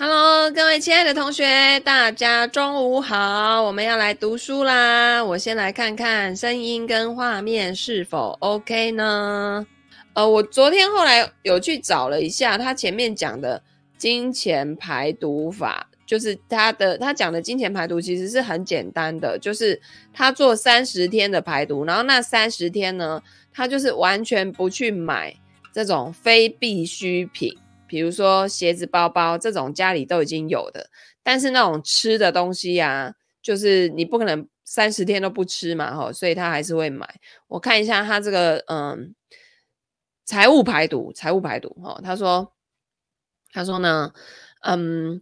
哈嘍，Hello, 各位親愛的同學，大家中午好。我們要來讀書啦。我先來看看聲音跟畫面是否 OK 呢？呃，我昨天後來有去找了一下，他前面講的金錢排毒法，就是他的他講的金錢排毒其實是很簡單的，就是他做三十天的排毒，然後那三十天呢，他就是完全不去買這種非必需品。比如說鞋子、包包這種家裡都已經有的，但是那種吃的東西呀、啊，就是你不可能三十天都不吃嘛，所以他還是會買。我看一下他這個，嗯，財務排毒，財務排毒，吼，他說，他說呢，嗯，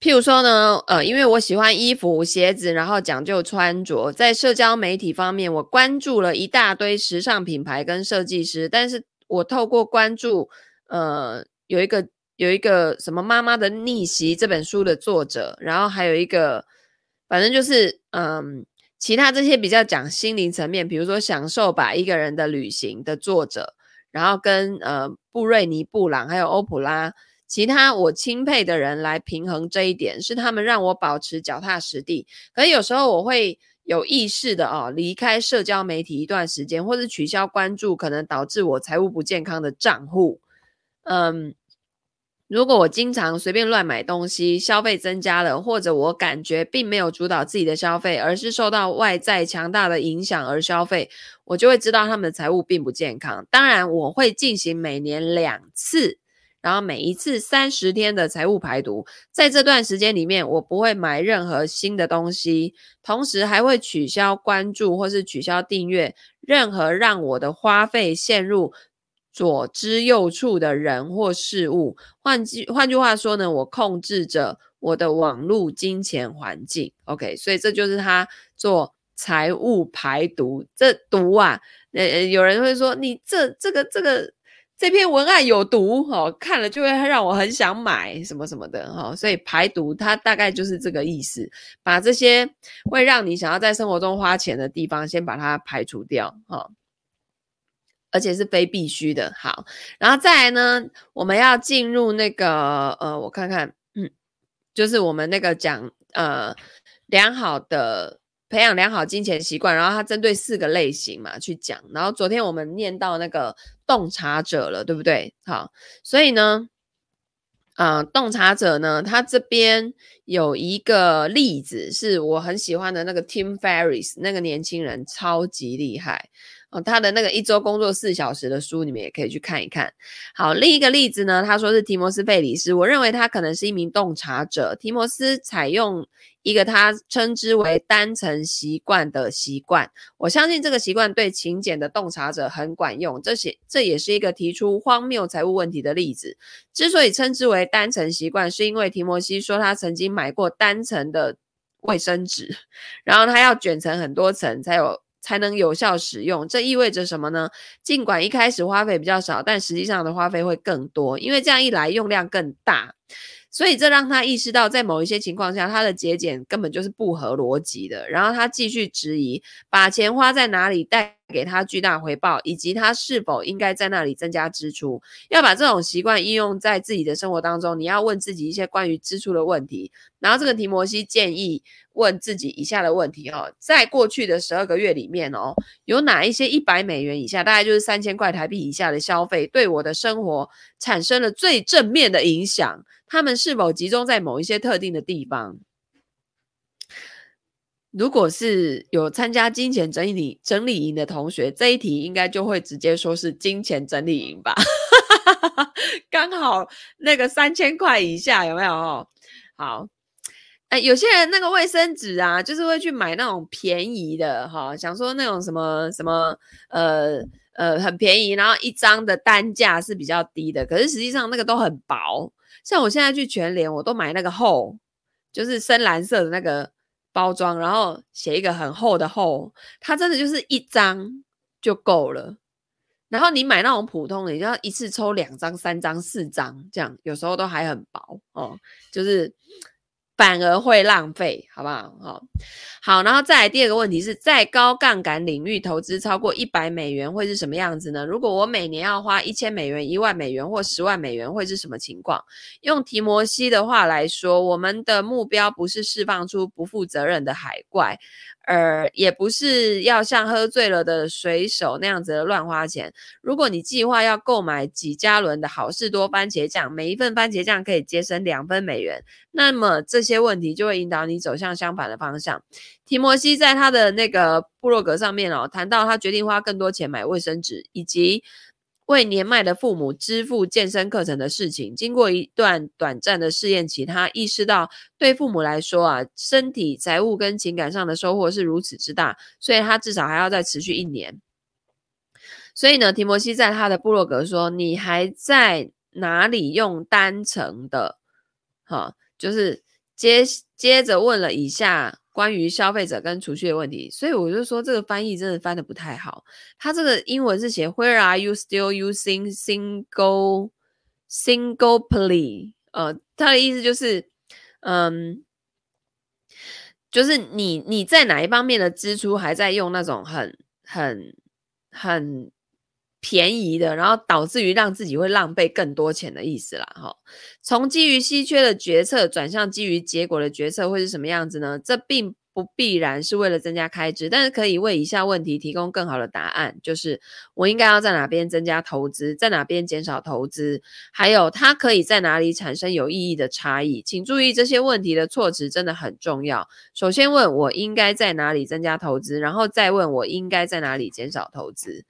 譬如說呢，呃，因為我喜歡衣服、鞋子，然後講究穿着，在社交媒體方面，我關注了一大堆時尚品牌跟設計師，但是我透過關注，呃。有一個有一個什麼媽媽的逆襲這本書的作者，然後還有一個，反正就是嗯，其他這些比較講心靈層面，比如說享受吧一個人的旅行的作者，然後跟呃布瑞尼布朗還有歐普拉，其他我欽佩的人來平衡這一點，是他們讓我保持腳踏實地。可是有時候我會有意識的哦，離開社交媒體一段時間，或者取消關注可能導致我財務不健康的賬戶。嗯，如果我經常隨便亂買東西，消費增加了，或者我感覺並沒有主導自己的消費，而是受到外在強大的影響而消費，我就會知道他們的財務並不健康。當然，我會進行每年兩次，然後每一次三十天的財務排毒，在這段時間裡面，我不會買任何新的東西，同時還會取消關注或是取消訂閱任何讓我的花費陷入。左支右絀的人或事物，換句換句話說呢，我控制着我的網絡、金錢、環境。OK，所以這就是他做財務排毒。這毒啊，呃，有人會說你這這個這個這篇文案有毒哦，看了就會讓我很想買什麼什麼的哈、哦。所以排毒它大概就是這個意思，把這些會讓你想要在生活中花錢的地方先把它排除掉哈。哦而且是非必須的。好，然後再來呢，我們要進入那個呃，我看看，嗯，就是我們那個講呃良好的培養良好金錢習慣，然後它針對四個類型嘛去講。然後昨天我們念到那個洞察者了，對不對？好，所以呢，啊，呃，洞察者呢，他這邊有一個例子是我很喜歡的那個 Tim Ferris，那個年輕人超級厲害。哦，他的那個一周工作四小時的書，你們也可以去看一看。好，另一個例子呢，他說是提摩斯·費里斯，我認為他可能是一名洞察者。提摩斯採用一個他稱之為單層習慣的習慣，我相信這個習慣對勤儉的洞察者很管用。這些這也是一個提出荒謬財務問題的例子。之所以稱之為單層習慣，是因為提摩西說他曾經買過單層的衛生紙，然後他要捲成很多層才有，才能有效使用，這意味着什麼呢？儘管一開始花費比較少，但實際上的花費會更多，因為這樣一來用量更大。所以這讓他意識到，在某一些情況下，他的節儉根本就是不合邏輯的。然後他繼續質疑，把錢花在哪裡帶給他巨大回報，以及他是否應該在那裡增加支出。要把這種習慣應用在自己的生活當中，你要問自己一些關於支出的問題。然後這個提摩西建議問自己以下的問題：哈，在過去的十二個月裡面哦，有哪一些一百美元以下，大概就是三千塊台幣以下的消費，對我的生活產生了最正面的影響？他們是否集中在某一些特定的地方？如果是有參加金錢整理整理營的同學，這一題應該就會直接說是金錢整理營吧。 剛好那個三千塊以下有沒有哦？好，哎，有些人那個衛生紙啊，就是會去買那種便宜的哈，哦，想說那種什麼什麼呃呃很便宜，然後一張的單價是比較低的，可是實際上那個都很薄。像我現在去全聯，我都買那個厚，就是深藍色的那個包裝，然後寫一個很厚的厚，它真的就是一張就夠了。然後你買那種普通的，你就要一次抽兩張、三張、四張這樣，有時候都還很薄哦，就是。反而會浪費，好不好？好，好，然後再來第二個問題是，在高槓桿領域投資超過一百美元會是什麼樣子呢？如果我每年要花一千美元、一萬美元或十萬美元，會是什麼情況？用提摩西的話來說，我們的目標不是釋放出不負責任的海怪。呃，而也不是要像喝醉了的水手那樣子亂花錢。如果你計劃要購買幾加侖的好市多番茄醬，每一份番茄醬可以節省兩分美元，那麼這些問題就會引導你走向相反的方向。提摩西在他的那個部落格上面哦，談到他決定花更多錢買衛生紙以及，為年邁的父母支付健身課程的事情，經過一段短暫的試驗期，他意識到對父母來說啊，身體、財務跟情感上的收穫是如此之大，所以他至少還要再持續一年。所以呢，提摩西在他的部落格說：“你還在哪裡用單程的？”哈，就是接接着問了以下，關於消費者跟儲蓄的問題，所以我就說，這個翻譯真的翻得不太好。他這個英文是寫 Where are you still using single single play？呃，他的意思就是，嗯，就是你你在哪一方面的支出還在用那種很很很、很便宜的，然後導致於讓自己會浪費更多錢的意思啦。哈，從基於稀缺的決策轉向基於結果的決策會是什麼樣子呢？這並不必然是為了增加開支，但是可以為以下問題提供更好的答案：就是我應該要在哪邊增加投資，在哪邊減少投資，還有它可以在哪裡產生有意義的差異。請注意這些問題的措辭真的很重要。首先問我應該在哪裡增加投資，然後再問我應該在哪裡減少投資。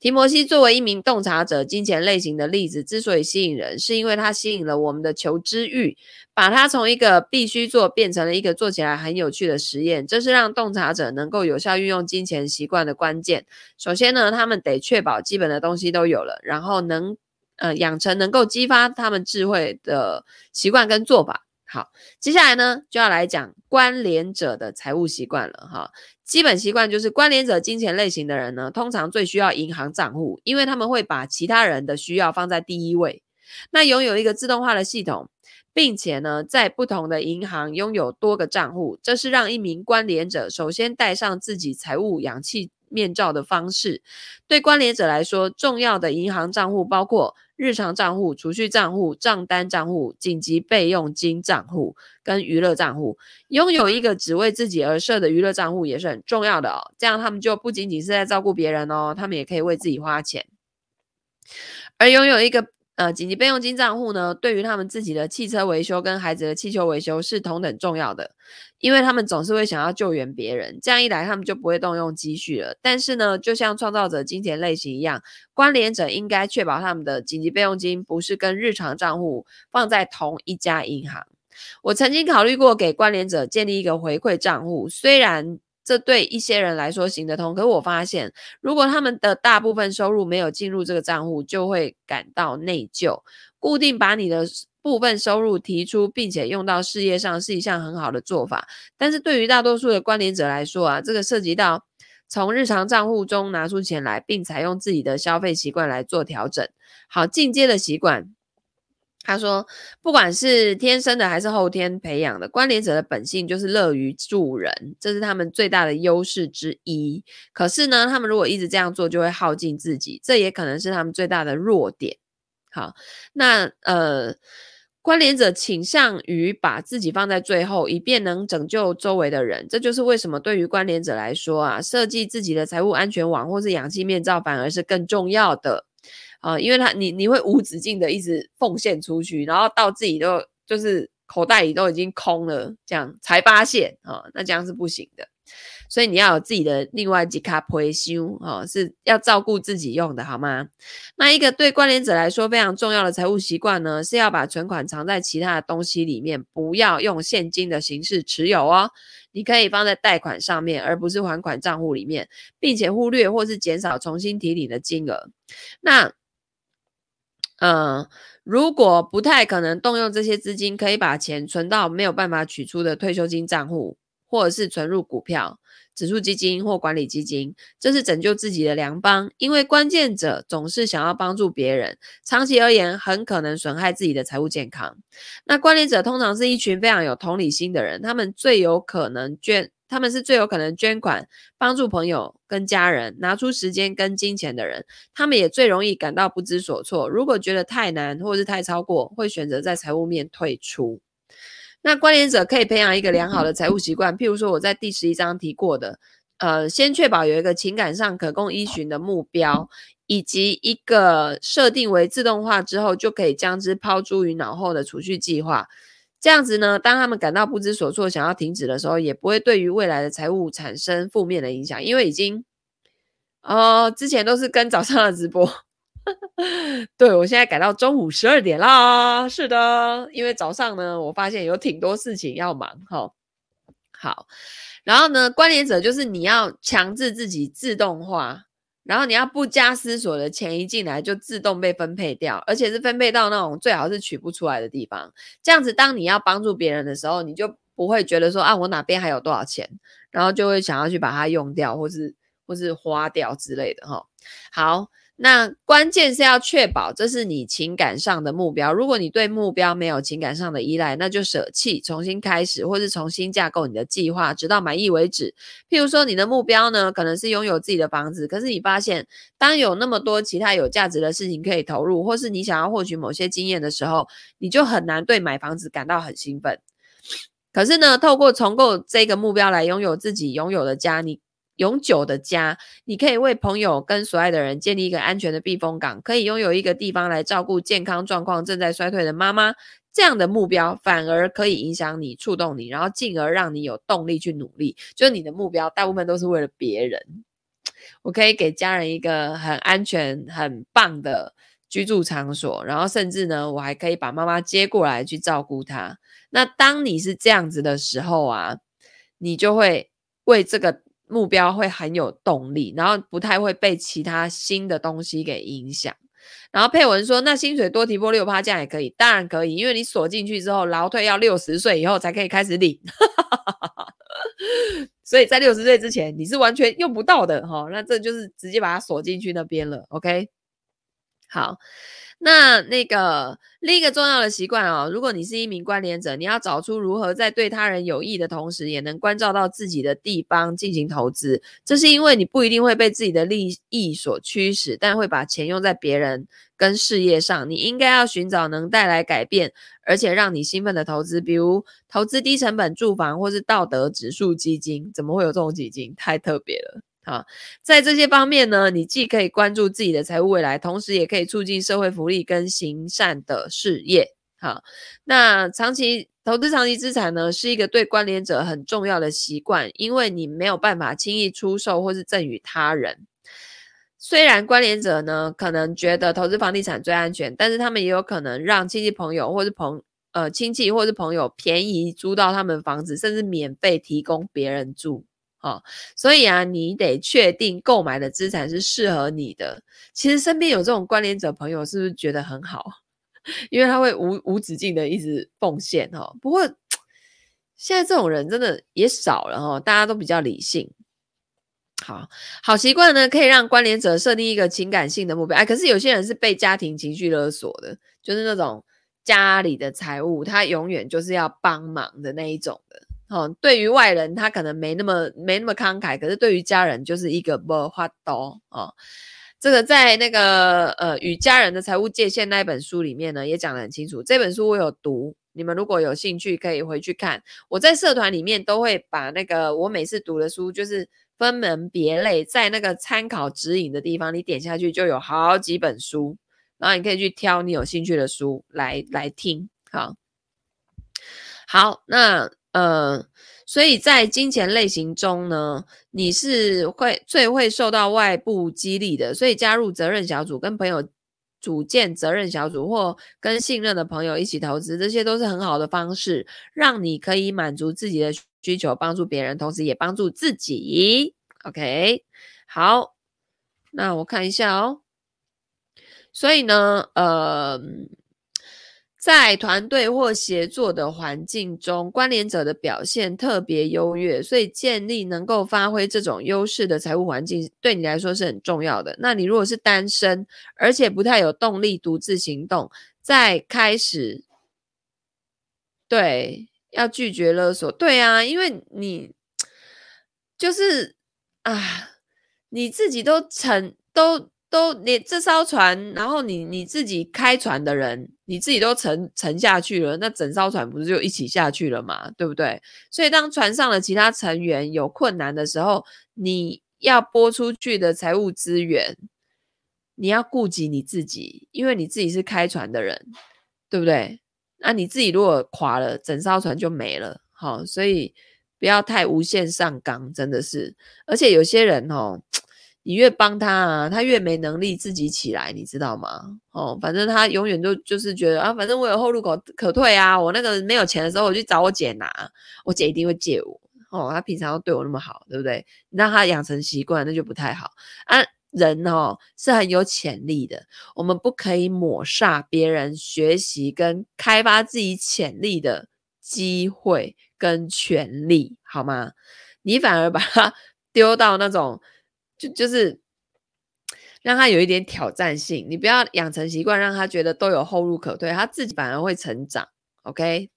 提摩西作為一名洞察者，金錢類型的例子之所以吸引人，是因為它吸引了我們的求知欲，把它從一個必須做變成了一個做起來很有趣的實驗。這是讓洞察者能夠有效運用金錢習慣的關鍵。首先呢，他們得確保基本的東西都有了，然後能呃養成能夠激發他們智慧的習慣跟做法。好，接下來呢就要來講關聯者的財務習慣了哈。基本習慣就是關聯者金錢類型的人呢，通常最需要銀行賬戶，因為他們會把其他人的需要放在第一位。那擁有一個自動化的系統，並且呢，在不同的銀行擁有多個賬戶，這是讓一名關聯者首先戴上自己財務氧氣面罩的方式。對關聯者來說，重要的銀行賬戶包括，日常賬戶、儲蓄賬戶、賬單賬戶、緊急備用金賬戶跟娛樂賬戶，擁有一個只為自己而設的娛樂賬戶也是很重要的哦。這樣他們就不僅僅是在照顧別人哦，他們也可以為自己花錢。而擁有一個呃，緊急備用金賬戶呢，對於他們自己的汽車維修跟孩子的氣球維修是同等重要的，因為他們總是會想要救援別人，這樣一來他們就不會動用積蓄了。但是呢，就像創造者金錢類型一樣，關聯者應該確保他們的緊急備用金不是跟日常賬戶放在同一家銀行。我曾經考慮過給關聯者建立一個回饋賬戶，雖然。這對一些人來說行得通，可我發現，如果他們的大部分收入沒有進入這個賬戶，就會感到內疚。固定把你的部分收入提出，並且用到事業上，是一項很好的做法。但是對於大多數的關聯者來說啊，這個涉及到從日常賬戶中拿出錢來，並採用自己的消費習慣來做調整。好，進階的習慣。他說，不管是天生的還是後天培養的，關聯者的本性就是樂於助人，這是他們最大的優勢之一。可是呢，他們如果一直這樣做，就會耗盡自己，這也可能是他們最大的弱點。好，那呃，關聯者傾向於把自己放在最後，以便能拯救周圍的人。這就是為什麼對於關聯者來說啊，設計自己的財務安全網或是氧氣面罩，反而是更重要的。啊，因為他你你會無止境的一直奉獻出去，然後到自己都就是口袋裡都已經空了，這樣才發現啊，那這樣是不行的。所以你要有自己的另外幾卡退休啊，是要照顧自己用的好嗎？那一個對關聯者來說非常重要的財務習慣呢，是要把存款藏在其他的東西裡面，不要用現金的形式持有哦。你可以放在貸款上面，而不是還款賬戶裡面，並且忽略或是減少重新提領的金額。那。嗯，如果不太可能動用這些資金，可以把錢存到沒有辦法取出的退休金賬戶，或者是存入股票指數基金、或管理基金，這是拯救自己的良方。因為關聯者總是想要幫助別人，長期而言很可能損害自己的財務健康。那關聯者通常是一群非常有同理心的人，他們最有可能捐他們是最有可能捐款幫助朋友跟家人，拿出時間跟金錢的人，他們也最容易感到不知所措。如果覺得太難或是太超過，會選擇在財務面退出。那關聯者可以培養一個良好的財務習慣，譬如說我在第十一章提過的，呃，先確保有一個情感上可供依循的目標，以及一個設定為自動化之後就可以將之拋諸於腦後的儲蓄計劃。這樣子呢，當他們感到不知所措、想要停止的時候，也不會對於未來的財務產生負面的影響，因為已經哦、呃，之前都是跟早上的直播，呵呵，對，我現在改到中午十二點啦。是的，因為早上呢，我發現有挺多事情要忙吼。好，然後呢，關聯者就是你要強制自己自動化。然後你要不加思索的錢一進來就自動被分配掉，而且是分配到那種最好是取不出來的地方。這樣子，當你要幫助別人的時候，你就不會覺得說啊，我哪邊還有多少錢，然後就會想要去把它用掉，或是或是花掉之類的齁。好。那關鍵是要確保這是你情感上的目標。如果你對目標沒有情感上的依賴，那就捨棄，重新開始，或是重新架構你的計劃，直到滿意為止。譬如說，你的目標呢，可能是擁有自己的房子，可是你發現，當有那麼多其他有價值的事情可以投入，或是你想要獲取某些經驗的時候，你就很難對買房子感到很興奮。可是呢，透過重構這個目標來擁有自己擁有的家，你。永久的家，你可以為朋友跟所愛的人建立一個安全的避風港，可以擁有一個地方來照顧健康狀況正在衰退的媽媽。這樣的目標反而可以影響你、觸動你，然後進而讓你有動力去努力。就是你的目標大部分都是為了別人。我可以給家人一個很安全、很棒的居住場所，然後甚至呢，我還可以把媽媽接過來去照顧她。那當你是這樣子的時候啊，你就會為這個。目標會很有動力，然後不太會被其他新的東西給影響。然後佩文說：“那薪水多提撥六趴，這樣也可以，當然可以，因為你鎖進去之後，勞退要六十歲以後才可以開始領， 所以在六十歲之前你是完全用不到的哈、哦。那這就是直接把它鎖進去那邊了，OK？好。”那那個另一個重要的習慣哦，如果你是一名關聯者，你要找出如何在對他人有益的同時，也能關照到自己的地方進行投資。這是因為你不一定會被自己的利益所驅使，但會把錢用在別人跟事業上。你應該要尋找能帶來改變而且讓你興奮的投資，比如投資低成本住房或是道德指數基金。怎麼會有這種基金？太特別了。啊，在這些方面呢，你既可以關注自己的財務未來，同時也可以促進社會福利跟行善的事業。哈，那長期投資，長期資產呢，是一個對關聯者很重要的習慣，因為你沒有辦法輕易出售或是贈與他人。雖然關聯者呢，可能覺得投資房地產最安全，但是他們也有可能讓親戚朋友、或是朋呃親戚或是朋友便宜租到他們房子，甚至免費提供別人住。哦，所以啊，你得確定購買的資產是適合你的。其實身邊有這種關聯者朋友，是不是覺得很好？因為他會無無止境的一直奉獻哦。不過現在這種人真的也少了哦，大家都比較理性。好，好習慣呢，可以讓關聯者設定一個情感性的目標。哎，可是有些人是被家庭情緒勒索的，就是那種家裡的財務，他永遠就是要幫忙的那一種的。哦，對於外人，他可能沒那麼沒那麼慷慨，可是對於家人，就是一個沒法度哦，這個在那個呃，與家人的財務界限那一本書裡面呢，也講得很清楚。這本書我有讀，你們如果有興趣，可以回去看。我在社團裡面都會把那個我每次讀的書，就是分門別類，在那個參考指引的地方，你點下去就有好幾本書，然後你可以去挑你有興趣的書來來聽。哈、哦，好，那。呃、嗯，所以在金錢類型中呢，你是會最會受到外部激勵的。所以加入責任小組，跟朋友組建責任小組，或跟信任的朋友一起投資，這些都是很好的方式，讓你可以滿足自己的需求，幫助別人，同時也幫助自己。OK，好，那我看一下哦。所以呢，呃、嗯。在團隊或協作的環境中，關聯者的表現特別優越，所以建立能夠發揮這種優勢的財務環境，對你來說是很重要的。那你如果是單身，而且不太有動力獨自行動，在開始，對，要拒絕勒索，對啊，因為你就是啊，你自己都成都。都你這艘船，然後你你自己開船的人，你自己都沉沉下去了，那整艘船不是就一起下去了嘛？對不對？所以當船上的其他成員有困難的時候，你要撥出去的財務資源，你要顧及你自己，因為你自己是開船的人，對不對？那你自己如果垮了，整艘船就沒了。好、哦，所以不要太無限上綱，真的是。而且有些人哦。你越幫他，啊，他越沒能力自己起來，你知道嗎？哦，反正他永遠都就是覺得啊，反正我有後路可，可退啊，我那個沒有錢的時候，我去找我姐拿，我姐一定會借我。哦，他平常都對我那麼好，對不對？你讓他養成習慣，那就不太好啊。人哦是很有潛力的，我們不可以抹殺別人學習跟開發自己潛力的機會跟權利，好嗎？你反而把他丟到那種。就就是讓他有一點挑戰性，你不要養成習慣，讓他覺得都有後路可退，他自己反而會成長。OK，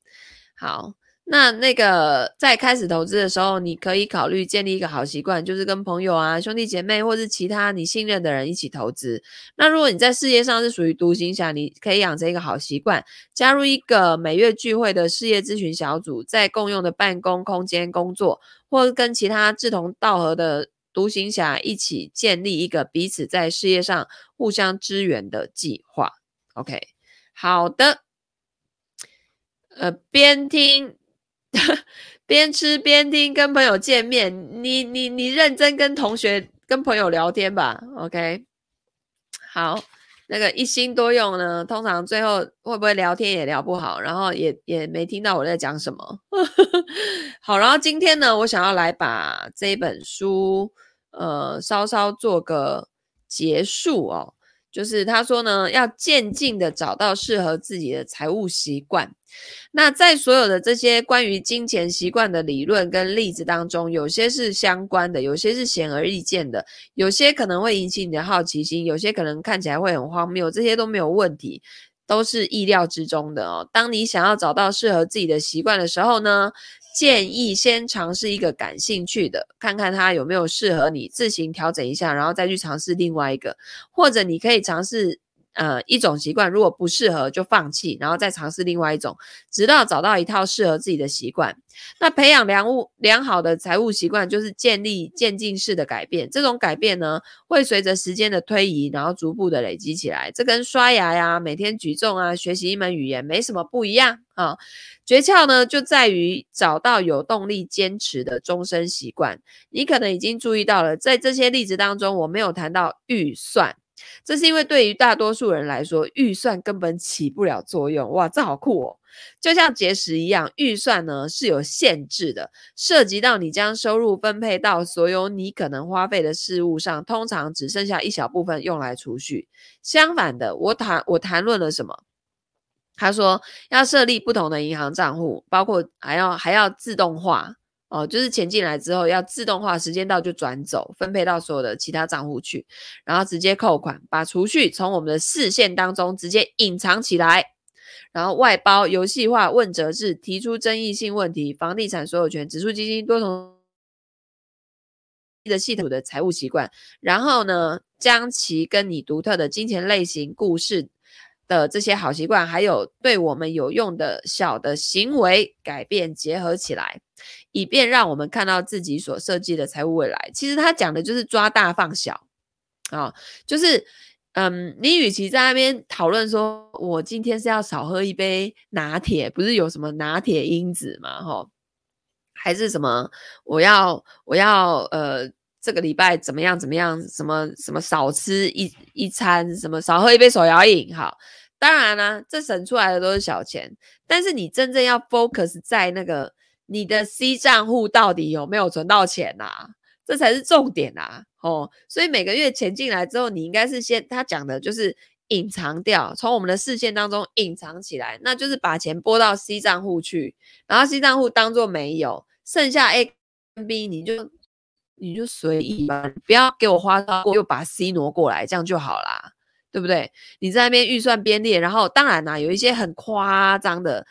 好，那那個在開始投資的時候，你可以考慮建立一個好習慣，就是跟朋友啊、兄弟姐妹或是其他你信任的人一起投資。那如果你在事業上是屬於獨行俠，你可以養成一個好習慣，加入一個每月聚會的事業諮詢小組，在共用的辦公空間工作，或是跟其他志同道合的。獨行俠一起建立一個彼此在事業上互相支援的計劃。OK，好的。呃，邊聽，邊吃邊聽，跟朋友見面，你你你認真跟同學跟朋友聊天吧。OK，好，那個一心多用呢，通常最後會不會聊天也聊不好，然後也也沒聽到我在講什麼。 好，然後今天呢，我想要來把這本書。呃，稍稍做個結束哦，就是他說呢，要漸進的找到適合自己的財務習慣。那在所有的這些關於金錢習慣的理論跟例子當中，有些是相關的，有些是顯而易見的，有些可能會引起你的好奇心，有些可能看起來會很荒謬，這些都沒有問題，都是意料之中的哦。當你想要找到適合自己的習慣的時候呢，建議先嘗試一個感興趣的，看看它有沒有適合你，自行調整一下，然後再去嘗試另外一個，或者你可以嘗試。呃，一種習慣如果不適合就放棄，然後再嘗試另外一種，直到找到一套適合自己的習慣。那培養良物良好的財務習慣，就是建立漸進式的改變。這種改變呢，會隨着時間的推移，然後逐步的累積起來。這跟刷牙呀、啊、每天舉重啊、學習一門語言沒什麼不一樣啊。訣竅呢，就在於找到有動力堅持的終身習慣。你可能已經注意到了，在這些例子當中，我沒有談到預算。這是因為對於大多數人來說，預算根本起不了作用。哇，這好酷哦！就像節食一樣，預算呢是有限制的，涉及到你將收入分配到所有你可能花費的事物上，通常只剩下一小部分用來儲蓄。相反的，我談我談論了什麼？他說要設立不同的銀行賬戶，包括還要還要自動化。哦，就是錢進來之後要自動化，時間到就轉走，分配到所有的其他賬戶去，然後直接扣款，把儲蓄從我們的視線當中直接隱藏起來，然後外包、遊戲化、問責制，提出爭議性問題，房地產所有權、指數基金、多重的系統的財務習慣，然後呢，將其跟你獨特的金錢類型故事。的這些好習慣，還有對我們有用的小的行為改變結合起來，以便讓我們看到自己所設計的財務未來。其實他講的就是抓大放小，啊、哦，就是，嗯，你與其在那邊討論說我今天是要少喝一杯拿鐵，不是有什麼拿鐵因子嘛，哈、哦，還是什麼，我要，我要，呃。這個禮拜怎麼樣？怎麼樣？什麼什麼少吃一一餐？什麼少喝一杯手搖飲？哈，當然呢、啊，這省出來的都是小錢。但是你真正要 focus 在那個你的 C 賬戶到底有沒有存到錢吶、啊？這才是重點吶、啊！哦，所以每個月錢進來之後，你應該是先他講的就是隱藏掉，從我們的視線當中隱藏起來，那就是把錢撥到 C 賬戶去，然後 C 賬戶當做沒有，剩下 A 跟 B 你就。你就隨意吧，不要給我花到過，又把 C 挪過來，這樣就好啦，對不對？你在那邊預算編列，然後當然啦、啊，有一些很誇張的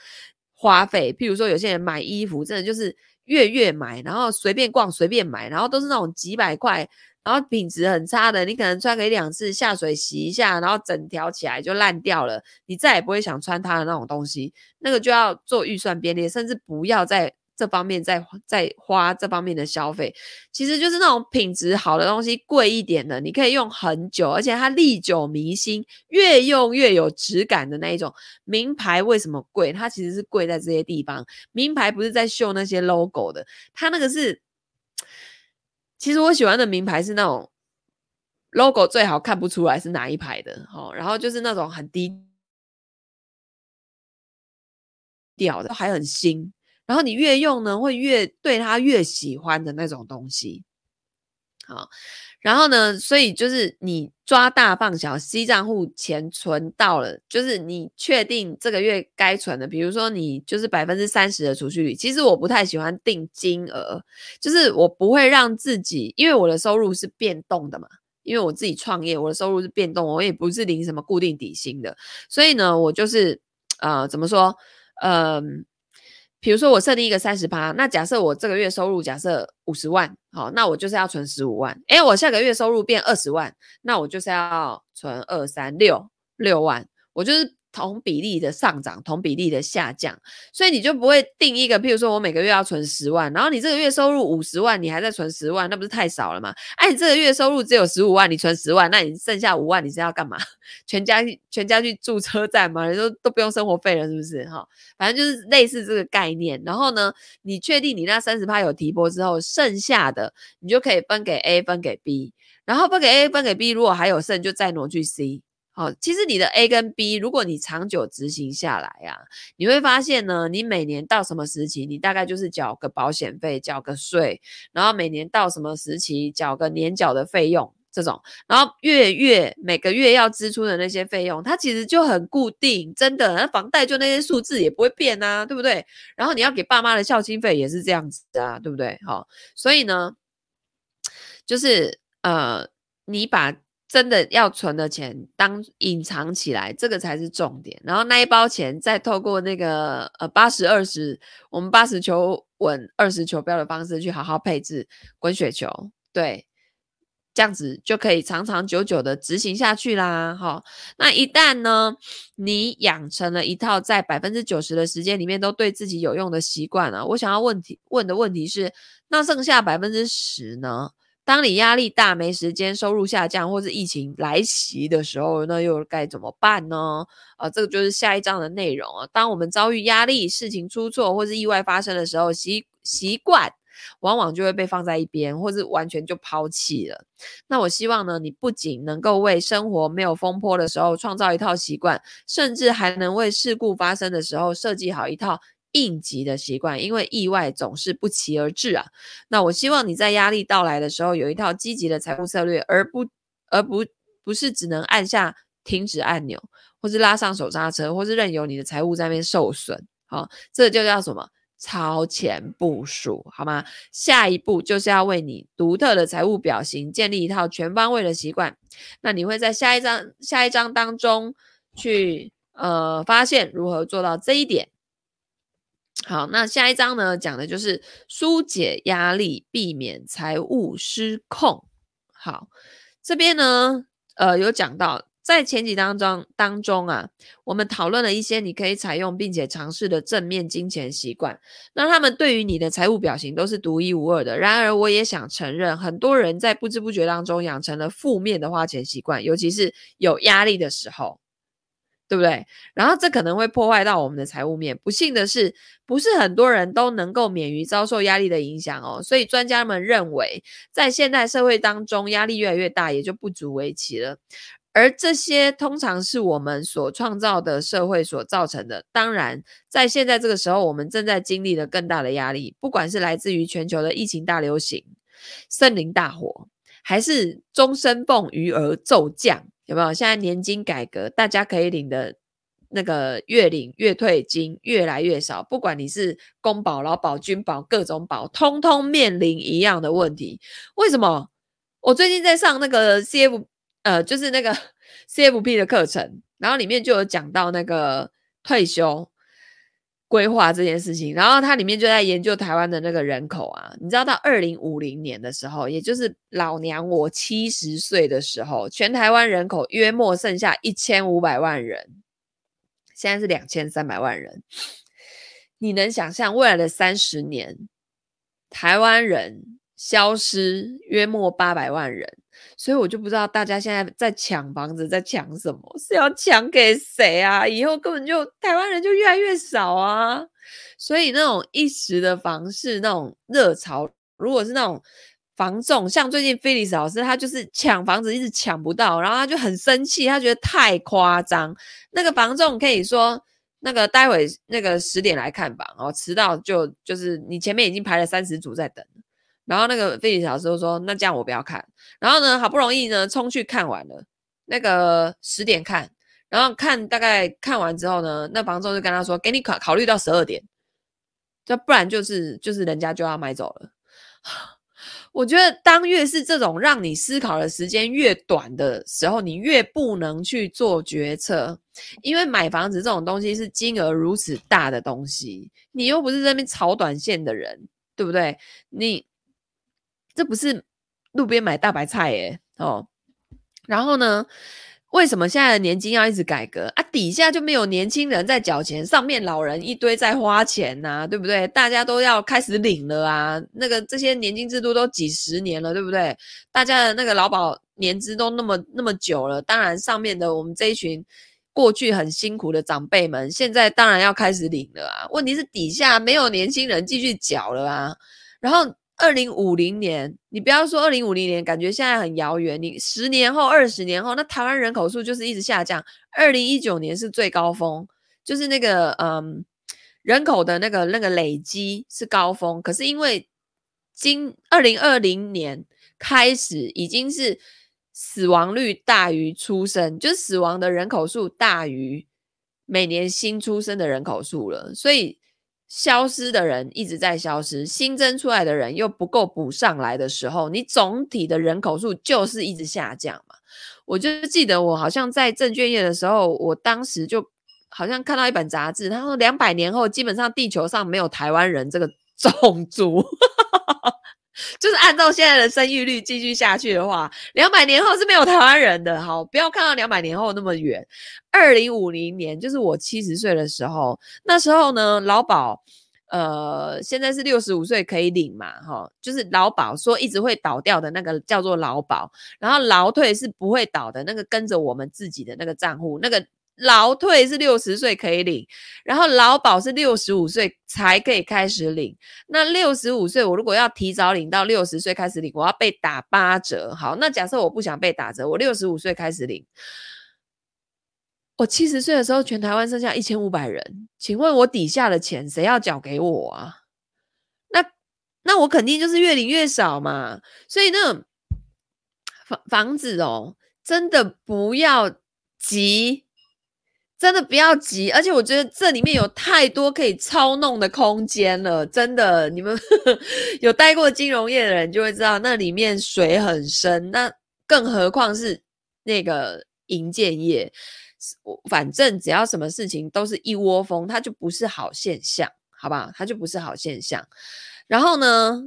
花費，譬如說有些人買衣服，真的就是月月買，然後隨便逛隨便買，然後都是那種幾百塊，然後品質很差的，你可能穿個一兩次，下水洗一下，然後整條起來就爛掉了，你再也不會想穿它的那種東西，那個就要做預算編列，甚至不要再。這方面在在花這方面的消費，其實就是那種品質好的東西，貴一點的，你可以用很久，而且它歷久彌新，越用越有質感的那一種。名牌為什麼貴？它其實是貴在這些地方。名牌不是在秀那些 logo 的，它那個是。其實我喜歡的名牌是那種 logo 最好看不出來是哪一牌的，哦。然後就是那種很低調的，還很新。然後你越用呢，會越對他越喜歡的那種東西。好，然後呢，所以就是你抓大放小，C 賬戶錢存到了，就是你確定這個月該存的，比如說你就是百分之三十的儲蓄率。其實我不太喜歡定金額，就是我不會讓自己，因為我的收入是變動的嘛，因為我自己創業，我的收入是變動，我也不是領什麼固定底薪的，所以呢，我就是呃，怎麼說，嗯、呃。比如說我設定一個三十趴，那假設我這個月收入假設五十萬，好，那我就是要存十五萬。哎，我下個月收入變二十萬，那我就是要存二三六六萬，我就是。同比例的上漲，同比例的下降，所以你就不會定一個，譬如說，我每個月要存十萬，然後你這個月收入五十萬，你還在存十萬，那不是太少了嗎？哎、啊，你這個月收入只有十五萬，你存十萬，那你剩下五萬，你是要幹嘛？全家全家去住車站嗎？你都都不用生活費了，是不是哈、哦？反正就是類似這個概念。然後呢，你確定你那三十趴有提撥之後，剩下的你就可以分給 A，分給 B，然後分給 A，分給 B，如果還有剩，就再挪去 C。好，其實你的 A 跟 B，如果你長久執行下來呀、啊，你會發現呢，你每年到什麼時期，你大概就是繳個保險費，繳個稅，然後每年到什麼時期繳個年繳的費用這種，然後月月每個月要支出的那些費用，它其實就很固定，真的，那房貸就那些數字也不會變啊，對不對？然後你要給爸媽的孝親費也是這樣子啊，對不對？好、哦，所以呢，就是呃，你把。真的要存的錢當隱藏起來，這個才是重點。然後那一包錢再透過那個呃八十二十，80, 20, 我們八十求穩，二十求標的方式去好好配置滾雪球，對，這樣子就可以長長久久的執行下去啦。哈，那一旦呢，你養成了一套在百分之九十的時間裡面都對自己有用的習慣啊。我想要問題問的問題是，那剩下百分之十呢？當你壓力大、沒時間、收入下降，或是疫情來襲的時候，那又該怎麼辦呢？啊，這個就是下一章的內容啊。當我們遭遇壓力、事情出錯，或是意外發生的時候，習習慣往往就會被放在一邊，或是完全就拋棄了。那我希望呢，你不僅能夠為生活沒有風波的時候創造一套習慣，甚至還能為事故發生的時候設計好一套。應急的習慣，因為意外總是不期而至啊。那我希望你在壓力到來的時候，有一套積極的財務策略，而不而不不是只能按下停止按鈕，或是拉上手剎車，或是任由你的財務在那邊受損。好，這就叫什麼？超前部署，好嗎？下一步就是要為你獨特的財務表型建立一套全方位的習慣。那你會在下一章下一章當中去呃發現如何做到這一點。好，那下一章呢，講的就是舒解壓力，避免財務失控。好，這邊呢，呃，有講到在前幾章當、當中啊，我們討論了一些你可以採用並且嘗試的正面金錢習慣。那他們對於你的財務表情都是獨一無二的。然而，我也想承認，很多人在不知不覺當中養成了負面的花錢習慣，尤其是有壓力的時候。對不對？然後這可能會破壞到我們的財務面。不幸的是，不是很多人都能夠免於遭受壓力的影響哦。所以專家們認為，在現代社會當中，壓力越來越大，也就不足為奇了。而這些通常是我們所創造的社會所造成的。當然，在現在這個時候，我們正在經歷了更大的壓力，不管是來自於全球的疫情大流行、森林大火，還是終身俸餘額驟降。有沒有，現在年金改革？大家可以領的那個月領月退金越來越少，不管你是公保、勞保、軍保、各種保，通通面臨一樣的問題。為什麼？我最近在上那個 CF，呃，就是那個 CFP 的課程，然後裡面就有講到那個退休。規劃這件事情，然後它裡面就在研究台灣的那個人口啊，你知道到二零五零年的時候，也就是老娘我七十歲的時候，全台灣人口約莫剩下一千五百萬人，現在是兩千三百萬人，你能想象未來的三十年，台灣人消失約莫八百萬人？所以我就不知道大家現在在搶房子，在搶什麼，是要搶給誰啊？以後根本就台灣人就越來越少啊。所以那種一時的房市那種熱潮，如果是那種房仲，像最近菲利斯老師他就是搶房子一直搶不到，然後他就很生氣，他覺得太誇張。那個房仲可以說，那個待會那個十點來看房哦，遲到就就是你前面已經排了三十組在等。然後那個菲奇老師就說：“那這樣我不要看。”然後呢，好不容易呢衝去看完了，那個十點看，然後看大概看完之後呢，那房東就跟他說：“給你考考慮到十二點，就不然就是就是人家就要買走了。 ”我覺得當越是這種讓你思考的時間越短的時候，你越不能去做決策，因為買房子這種東西是金額如此大的東西，你又不是這邊炒短線的人，對不對？你。這不是路邊買大白菜哎哦。然後呢，為什麼現在的年金要一直改革啊？底下就沒有年輕人在繳錢，上面老人一堆在花錢吶、啊，對不對？大家都要開始領了啊！那個這些年金制度都幾十年了，對不對？大家的那個勞保年資都那麼那麼久了，當然上面的我們這一群過去很辛苦的長輩們，現在當然要開始領了啊！問題是底下沒有年輕人繼續繳了啊，然後。二零五零年，你不要說二零五零年，感覺現在很遙遠。你十年後、二十年後，那台灣人口數就是一直下降。二零一九年是最高峰，就是那個嗯，人口的那個那個累積是高峰。可是因為今二零二零年開始，已經是死亡率大於出生，就是死亡的人口數大於每年新出生的人口數了，所以。消失的人一直在消失，新增出來的人又不夠補上來的時候，你總體的人口數就是一直下降嘛。我就記得我好像在證券業的時候，我當時就好像看到一本雜誌，他說兩百年後基本上地球上沒有台灣人這個種族。 就是按照現在的生育率繼續下去的話，兩百年後是沒有台灣人的。好，不要看到兩百年後那麼遠，二零五零年就是我七十歲的時候，那時候呢勞保，呃，現在是六十五歲可以領嘛，哈，就是勞保說一直會倒掉的那個叫做勞保，然後勞退是不會倒的，那個跟着我們自己的那個賬戶那個。勞退是六十歲可以領，然後勞保是六十五歲才可以開始領。那六十五歲，我如果要提早領到六十歲開始領，我要被打八折。好，那假設我不想被打折，我六十五歲開始領，我七十歲的時候，全台灣剩下一千五百人，請問我底下的錢誰要繳給我啊？那那我肯定就是越領越少嘛。所以那房房子哦，真的不要急。真的不要急，而且我覺得這裡面有太多可以操弄的空間了。真的，你們 有待過金融業的人就會知道，那裡面水很深。那更何況是那個營建業，反正只要什麼事情都是一窩蜂，它就不是好現象，好吧？它就不是好現象。然後呢，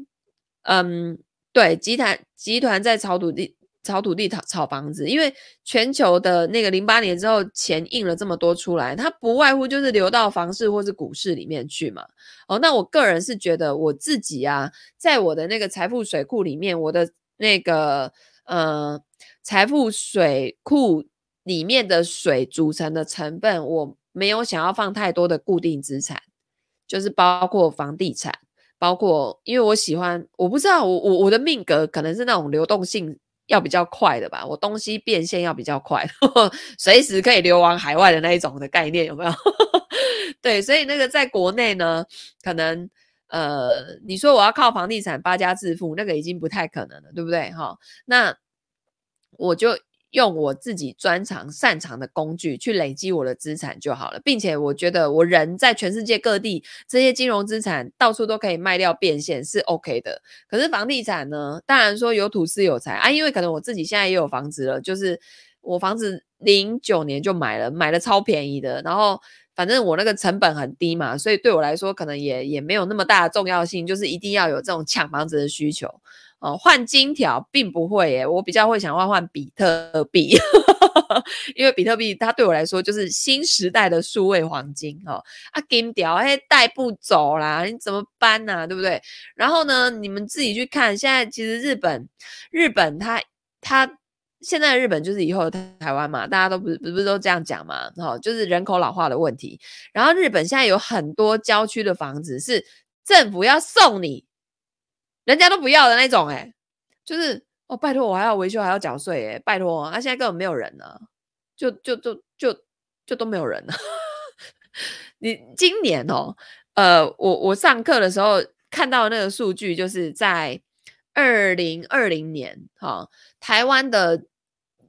嗯，對，集團集團在炒土地。炒土地炒、炒炒房子，因為全球的那個零八年之後，錢印了這麼多出來，它不外乎就是流到房市或是股市裡面去嘛。哦，那我個人是覺得我自己啊，在我的那個財富水庫裡面，我的那個呃財富水庫裡面的水組成的成分，我沒有想要放太多的固定資產，就是包括房地產，包括因為我喜歡，我不知道我我我的命格可能是那種流動性，要比較快的吧，我東西變現要比較快，隨時可以流亡海外的那一種的概念有沒有呵呵？對，所以那個在國內呢，可能呃，你說我要靠房地產發家致富，那個已經不太可能了，對不對？齁，那我就。用我自己專長擅長的工具去累積我的資產就好了，並且我覺得我人在全世界各地，這些金融資產到處都可以賣掉變現是 OK 的。可是房地產呢？當然說有土斯有財啊，因為可能我自己現在也有房子了，就是我房子零九年就買了，買了超便宜的，然後反正我那個成本很低嘛，所以對我來說可能也也沒有那麼大的重要性，就是一定要有這種搶房子的需求。哦，換金條並不會誒，我比較會想換換比特幣，因為比特幣它對我來說就是新時代的數位黃金哦。啊，金，金條誒帶不走啦，你怎麼搬呢？啊？對不對？然後呢，你們自己去看，現在其實日本，日本它它現在日本就是以後台台灣嘛，大家都不是不是都這樣講嘛，哈、哦，就是人口老化的問題。然後日本現在有很多郊區的房子是政府要送你。人家都不要的那種哎、欸，就是哦，拜托我還要維修還要繳稅哎，拜托那、啊、現在根本沒有人了，就就就就就都沒有人了。 你今年哦，呃，我我上課的時候看到那個數據，就是在二零二零年哈、哦，台灣的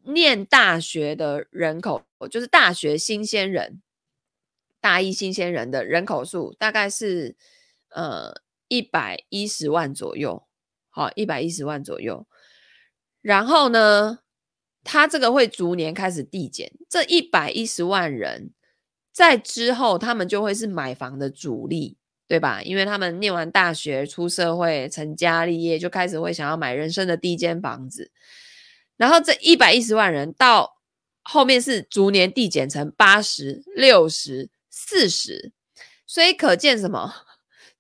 念大學的人口，就是大學新鮮人，大一新鮮人的人口數大概是呃。一百一十萬左右，好，一百一十萬左右。然後呢，他這個會逐年開始遞減。這一百一十萬人，在之後他們就會是買房的主力，對吧？因為他們念完大學，出社會，成家立業，就開始會想要買人生的第一間房子。然後這一百一十萬人到後面是逐年遞減成八十、六十、四十，所以可見什麼？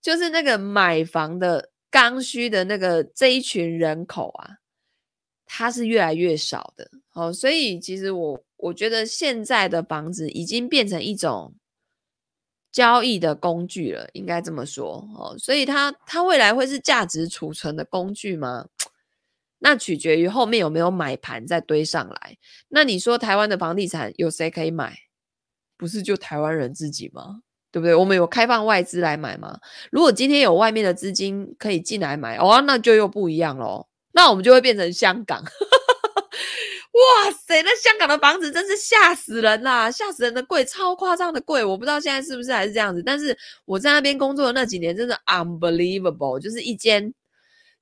就是那個買房的剛需的那個這一群人口啊，它是越來越少的。哦，所以其實我我覺得現在的房子已經變成一種交易的工具了，應該這麼說。哦，所以它它未來會是價值儲存的工具嗎？那取決於後面有沒有買盤再堆上來。那你說台灣的房地產有誰可以買？不是就台灣人自己嗎？對不對？我們有開放外資來買嗎？如果今天有外面的資金可以進來買，哦，那就又不一樣嘍。那我們就會變成香港。 哇塞，那香港的房子真是嚇死人啦！嚇死人的貴，超誇張的貴。我不知道現在是不是還是這樣子，但是我在那邊工作的那幾年，真的 unbelievable，就是一間。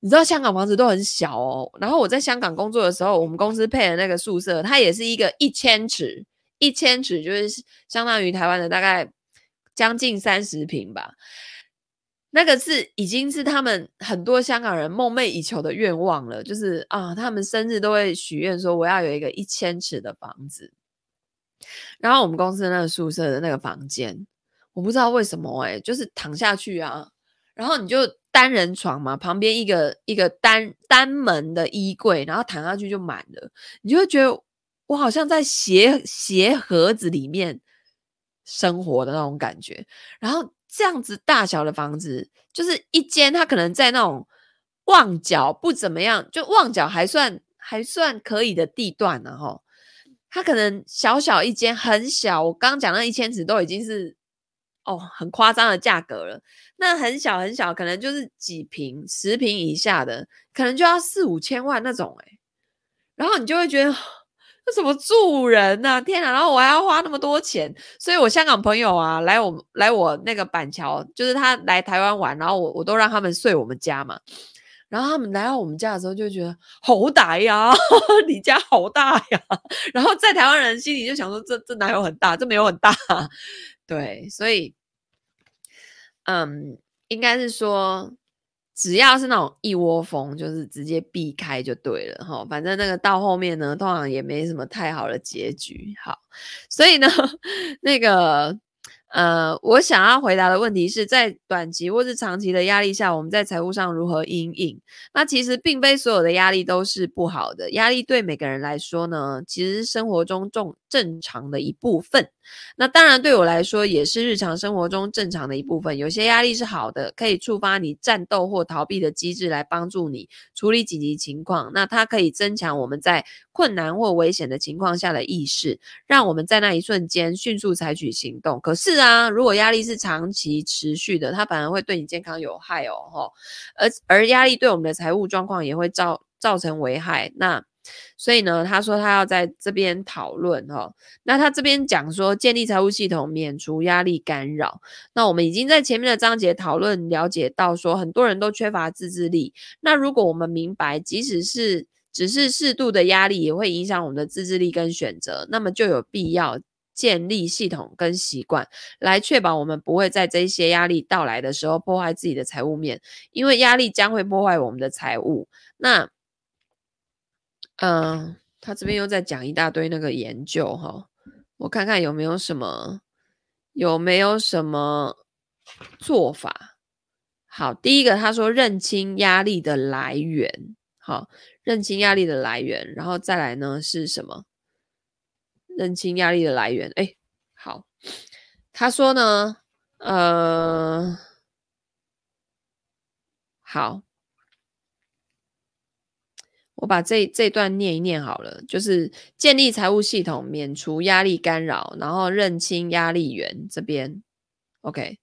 你知道香港房子都很小哦。然後我在香港工作的時候，我們公司配的那個宿舍，它也是一個一千尺，一千尺就是相當於台灣的大概。將近三十坪吧，那個是已經是他們很多香港人夢寐以求的願望了。就是啊，他們生日都會許願說，我要有一個一千尺的房子。然後我們公司那個宿舍的那個房間，我不知道為什麼哎、欸，就是躺下去啊，然後你就單人床嘛，旁邊一個一個單單門的衣櫃，然後躺下去就滿了，你就會覺得，我好像在鞋鞋盒子裡面生活的那種感覺，然後這樣子大小的房子，就是一間，它可能在那種旺角不怎麼樣，就旺角還算還算可以的地段了哈。它可能小小一間，很小，我剛講那一千尺都已經是哦很誇張的價格了。那很小很小，可能就是幾坪、十坪以下的，可能就要四五千萬那種誒。然後你就會覺得。那什麼住人啊，天哪！然後我還要花那麼多錢，所以我香港朋友啊，來我來我那個板橋，就是他來台灣玩，然後我我都讓他們睡我們家嘛。然後他們來到我們家的時候，就覺得好大呀，呵呵，你家好大呀。然後在台灣人心裡就想說，這這哪有很大？這沒有很大。對，所以，嗯，應該是說。只要是那種一窩蜂，就是直接避開就對了哈、哦。反正那個到後面呢，通常也沒什麼太好的結局。好，所以呢，那個呃，我想要回答的問題是在短期或是長期的壓力下，我們在財務上如何因應？那其實並非所有的壓力都是不好的，壓力對每個人來說呢，其實生活中重。正常的一部分，那當然對我來說也是日常生活中正常的一部分。有些壓力是好的，可以觸發你戰鬥或逃避的機制來幫助你處理緊急情況。那它可以增強我們在困難或危險的情況下的意識，讓我們在那一瞬間迅速採取行動。可是啊，如果壓力是長期持續的，它反而會對你健康有害哦。吼、哦，而而壓力對我們的財務狀況也會造造成危害。那。所以呢，他說他要在這邊討論哈、哦。那他這邊講說，建立財務系統免除壓力干擾。那我們已經在前面的章節討論了解到，說很多人都缺乏自制力。那如果我們明白，即使是只是適度的壓力也會影響我們的自制力跟選擇，那麼就有必要建立系統跟習慣，來確保我們不會在這些壓力到來的時候破壞自己的財務面，因為壓力將會破壞我們的財務。那。嗯，他這邊又在講一大堆那個研究哈，我看看有沒有什麼，有沒有什麼做法。好，第一個他說認清壓力的來源，好，認清壓力的來源，然後再來呢，是什麼？認清壓力的來源。哎、欸，好，他說呢，呃，好。我把這這段念一念好了，就是建立財務系統，免除壓力干擾，然後認清壓力源這邊。OK，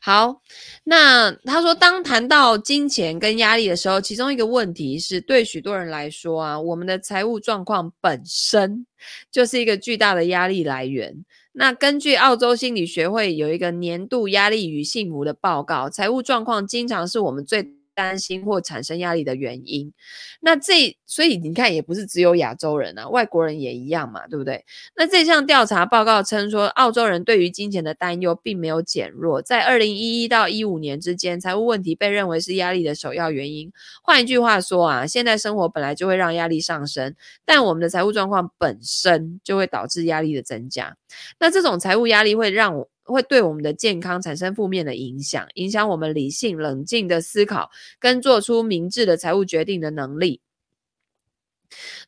好，那他說，當談到金錢跟壓力的時候，其中一個問題是對許多人來說啊，我們的財務狀況本身就是一個巨大的壓力來源。那根據澳洲心理學會有一個年度壓力與幸福的報告，財務狀況經常是我們最。擔心或產生壓力的原因，那這所以你看也不是只有亞洲人啊，外國人也一樣嘛，對不對？那這項調查報告稱說，澳洲人對於金錢的擔憂並沒有減弱，在二零一一到二零一五年之間，財務問題被認為是壓力的首要原因。換一句話說啊，現在生活本來就會讓壓力上升，但我們的財務狀況本身就會導致壓力的增加。那這種財務壓力會讓我。會對我們的健康產生負面的影響，影響我們理性冷靜的思考跟做出明智的財務決定的能力。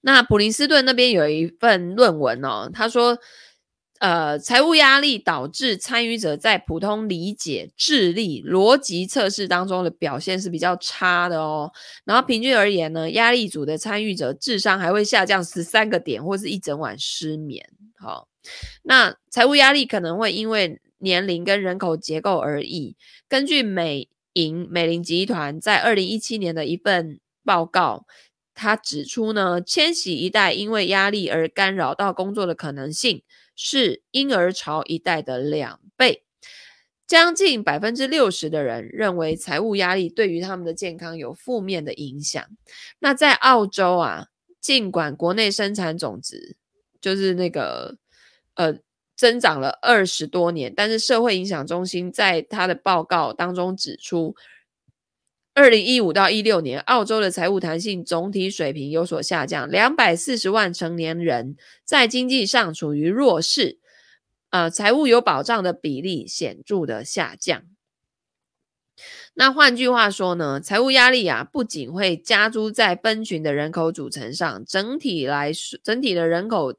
那普林斯頓那邊有一份論文哦，他說，呃，財務壓力導致參與者在普通理解、智力、邏輯測試當中的表現是比較差的哦。然後平均而言呢，壓力組的參與者智商還會下降十三個點，或是一整晚失眠。好，那財務壓力可能會因為年齡跟人口結構而已。根據美銀美林集團在二零一七年的一份報告，它指出呢，千禧一代因為壓力而干擾到工作的可能性是嬰兒潮一代的兩倍。將近百分之六十的人認為財務壓力對於他們的健康有負面的影響。那在澳洲啊，儘管國內生產總值就是那個呃。增長了二十多年，但是社會影響中心在他的報告當中指出，二零一五到一六年，澳洲的財務彈性總體水平有所下降，兩百四十萬成年人在經濟上處於弱勢，呃，財務有保障的比例顯著的下降。那換句話說呢，財務壓力啊，不僅會加諸在分群的人口組成上，整體來說，整體的人口。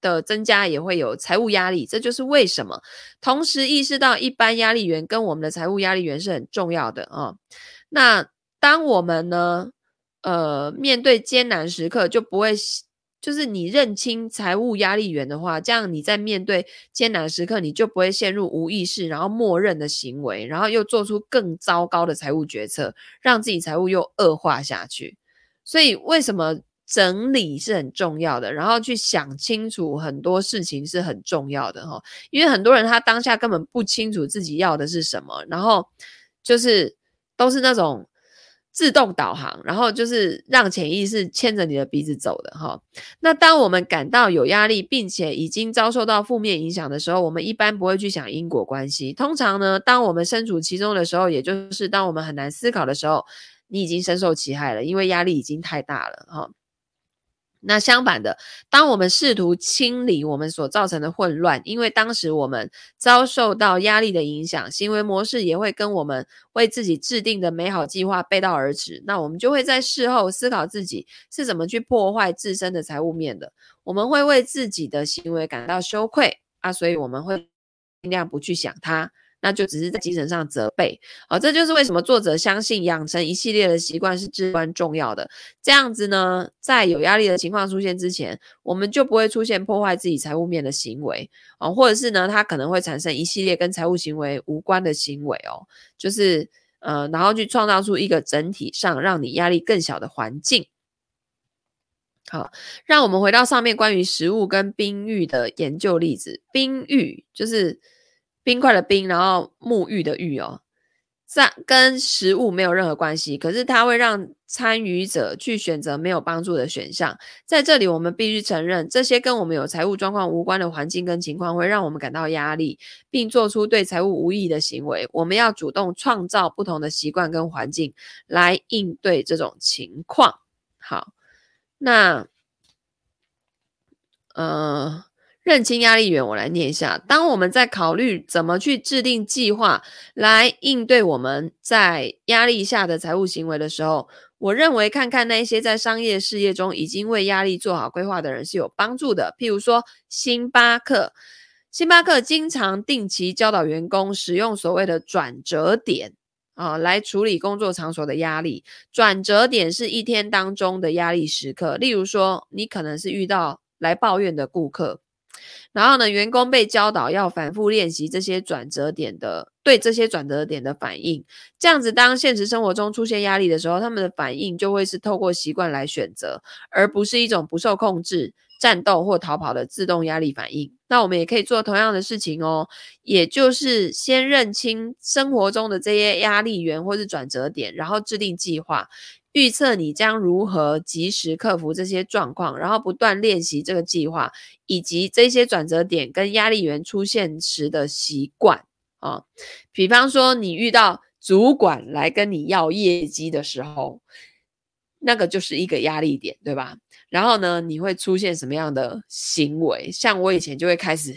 的增加也會有財務壓力，這就是為什麼。同時意識到一般壓力源跟我們的財務壓力源是很重要的啊、哦。那當我們呢，呃，面對艱難時刻，就不會就是你認清財務壓力源的話，這樣你在面對艱難時刻，你就不會陷入無意識，然後默認的行為，然後又做出更糟糕的財務決策，讓自己財務又惡化下去。所以為什麼？整理是很重要的，然後去想清楚很多事情是很重要的哈、哦，因為很多人他當下根本不清楚自己要的是什麼，然後就是都是那種自動導航，然後就是讓潛意識牽着你的鼻子走的哈、哦。那當我們感到有壓力，並且已經遭受到負面影響的時候，我們一般不會去想因果關係。通常呢，當我們身處其中的時候，也就是當我們很難思考的時候，你已經深受其害了，因為壓力已經太大了哈。哦那相反的，當我們試圖清理我們所造成的混亂，因為當時我們遭受到壓力的影響，行為模式也會跟我們為自己制定的美好計劃背道而馳。那我們就會在事後思考自己是怎麼去破壞自身的財務面的，我們會為自己的行為感到羞愧啊，所以我們會盡量不去想它。那就只是在精神上責備，好、啊，這就是為什麼作者相信養成一系列的習慣是至關重要的。這樣子呢，在有壓力的情況出現之前，我們就不會出現破壞自己財務面的行為哦、啊，或者是呢，他可能會產生一系列跟財務行為無關的行為哦，就是呃，然後去創造出一個整體上讓你壓力更小的環境。好、啊，讓我們回到上面關於食物跟冰浴的研究例子，冰浴就是。冰塊的冰，然後沐浴的浴哦，在跟食物沒有任何關係，可是它會讓參與者去選擇沒有幫助的選項。在這裡，我們必須承認，這些跟我們有財務狀況無關的環境跟情況，會讓我們感到壓力，並做出對財務無益的行為。我們要主動創造不同的習慣跟環境來應對這種情況。好，那，呃。認清壓力源，我來念一下。當我們在考慮怎麼去制定計劃來應對我們在壓力下的財務行為的時候，我認為看看那些在商業事業中已經為壓力做好規劃的人是有幫助的。譬如說，星巴克，星巴克經常定期教導員工使用所謂的轉折點啊、呃、來處理工作場所的壓力。轉折點是一天當中的壓力時刻，例如說，你可能是遇到來抱怨的顧客。然後呢，員工被教導要反覆練習這些轉折點的，對這些轉折點的反應，這樣子，當現實生活中出現壓力的時候，他們的反應就會是透過習慣來選擇，而不是一種不受控制、戰鬥或逃跑的自動壓力反應。那我們也可以做同樣的事情哦，也就是先認清生活中的這些壓力源或是轉折點，然後制定計劃，預測你將如何及時克服這些狀況，然後不斷練習這個計劃，以及這些轉折點跟壓力源出現時的習慣啊，比方說，你遇到主管來跟你要業績的時候，那個就是一個壓力點，對吧？然後呢，你會出現什麼樣的行為？像我以前就會開始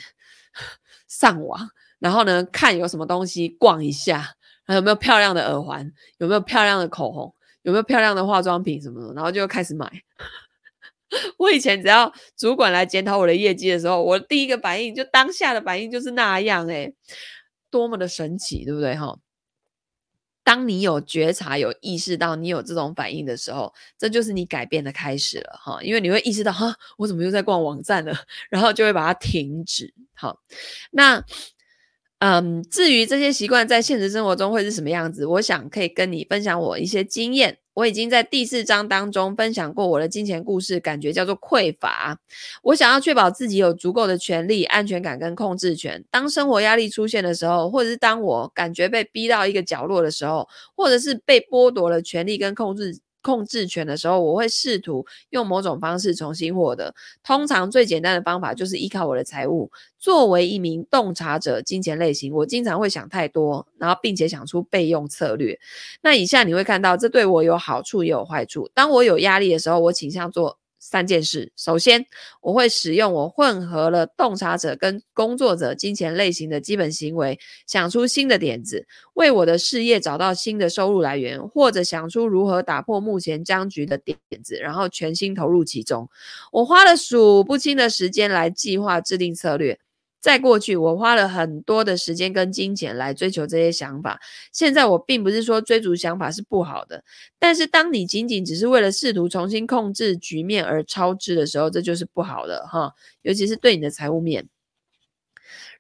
上網，然後呢，看有什麼東西逛一下，還有沒有漂亮的耳環，有沒有漂亮的口紅，有沒有漂亮的化妝品什麼的，然後就會開始買。 我以前只要主管來檢討我的業績的時候，我第一個反應就當下的反應就是那樣，欸，哎，多麼的神奇，對不對哦？哈。當你有覺察、有意識到你有這種反應的時候，這就是你改變的開始了哈，因為你會意識到哈、啊，我怎麼又在逛網站了，然後就會把它停止。好，那嗯，至於這些習慣在現實生活中會是什麼樣子，我想可以跟你分享我一些經驗。我已經在第四章當中分享過我的金錢故事，感覺叫做匱乏。我想要確保自己有足夠的權力、安全感跟控制權。當生活壓力出現的時候，或者是當我感覺被逼到一個角落的時候，或者是被剝奪了權力跟控制。控制權的時候，我會試圖用某種方式重新獲得。通常最簡單的方法就是依靠我的財務。作為一名洞察者金錢類型，我經常會想太多，然後並且想出備用策略。那以下你會看到，這對我有好處也有壞處。當我有壓力的時候，我傾向做。三件事。首先，我會使用我混合了洞察者跟工作者金錢類型的基本行為，想出新的點子，為我的事業找到新的收入來源，或者想出如何打破目前僵局的點子，然後全心投入其中。我花了數不清的時間來計劃制定策略。在過去，我花了很多的時間跟金錢來追求這些想法。現在我並不是說追逐想法是不好的，但是當你僅僅只是為了試圖重新控制局面而超支的時候，這就是不好的哈，尤其是對你的財務面。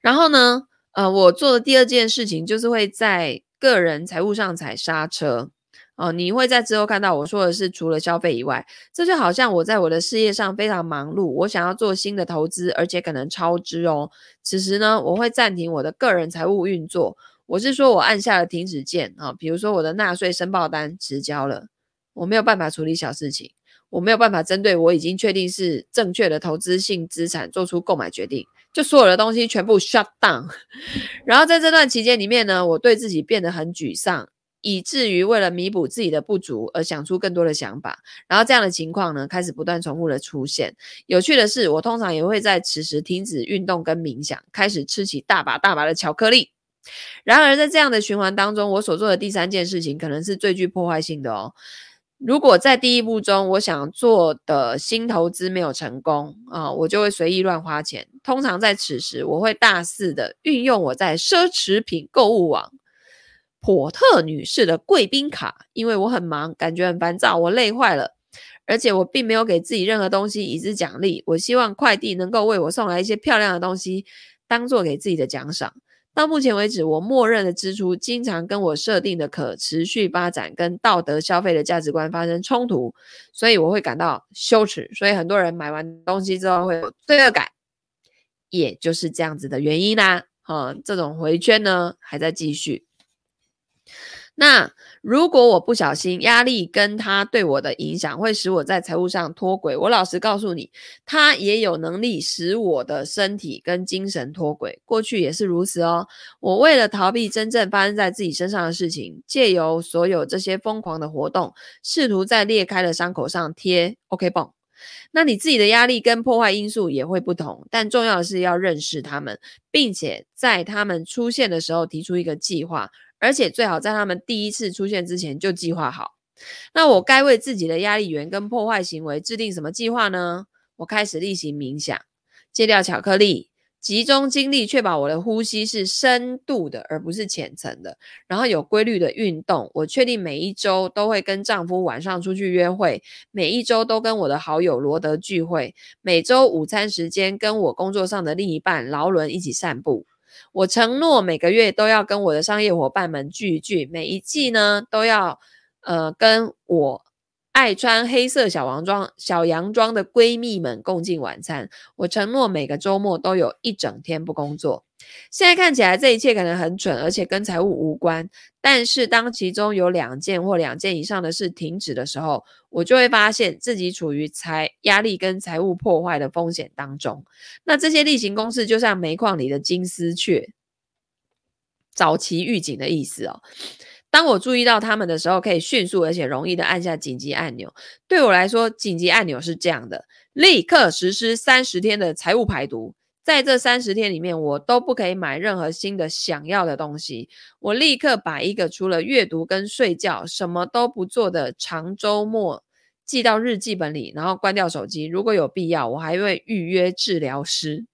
然後呢，呃，我做的第二件事情就是會在個人財務上踩剎車。哦，你會在之後看到我說的是，除了消費以外，這就好像我在我的事業上非常忙碌，我想要做新的投資，而且可能超支哦。此時呢，我會暫停我的個人財務運作，我是說，我按下了停止鍵啊，哦。比如說，我的納稅申報單遲交了，我沒有辦法處理小事情，我沒有辦法針對我已經確定是正確的投資性資產做出購買決定，就所有的東西全部 shut down。然後在這段期間裡面呢，我對自己變得很沮喪。以至於為了彌補自己的不足而想出更多的想法，然後這樣的情況呢，開始不斷重複的出現。有趣的是，我通常也會在此時停止運動跟冥想，開始吃起大把大把的巧克力。然而在這樣的循環當中，我所做的第三件事情可能是最具破壞性的哦。如果在第一步中我想做的新投資沒有成功啊，我就會隨意亂花錢。通常在此時，我會大肆的運用我在奢侈品購物網。火特女士的貴賓卡，因為我很忙，感覺很煩躁，我累壞了，而且我並沒有給自己任何東西以資獎勵。我希望快遞能夠為我送來一些漂亮的東西，當做給自己的獎賞。到目前為止，我默認的支出經常跟我設定的可持續發展跟道德消費的價值觀發生衝突，所以我會感到羞恥。所以很多人買完東西之後會有罪惡感，也就是這樣子的原因啦、啊。好，這種回圈呢還在繼續。那如果我不小心，壓力跟他對我的影響會使我在財務上脫軌。我老實告訴你，他也有能力使我的身體跟精神脫軌。過去也是如此哦。我為了逃避真正發生在自己身上的事情，借由所有這些瘋狂的活動，試圖在裂開的傷口上貼 OK 繃。那你自己的壓力跟破壞因素也會不同，但重要的是要認識他們，並且在他們出現的時候提出一個計劃。而且最好在他們第一次出現之前就計劃好。那我該為自己的壓力源跟破壞行為制定什麼計劃呢？我開始例行冥想，戒掉巧克力，集中精力，確保我的呼吸是深度的而不是淺層的。然後有規律的運動。我確定每一周都會跟丈夫晚上出去約會，每一周都跟我的好友羅德聚會，每周午餐時間跟我工作上的另一半勞倫一起散步。我承諾每個月都要跟我的商業夥伴們聚一聚，每一季呢都要，呃，跟我愛穿黑色小西裝、小洋裝的閨蜜們共進晚餐。我承諾每個周末都有一整天不工作。現在看起來這一切可能很蠢，而且跟財務無關。但是當其中有兩件或兩件以上的事停止的時候，我就會發現自己處於財壓力跟財務破壞的風險當中。那這些例行公事就像煤礦裡的金絲雀，早期預警的意思哦。當我注意到他們的時候，可以迅速而且容易地按下緊急按鈕。對我來說，緊急按鈕是這樣的：立刻實施三十天的財務排毒。在這三十天裡面，我都不可以買任何新的想要的東西。我立刻把一個除了閱讀跟睡覺什麼都不做的長周末記到日記本裡，然後關掉手機。如果有必要，我還會預約治療師。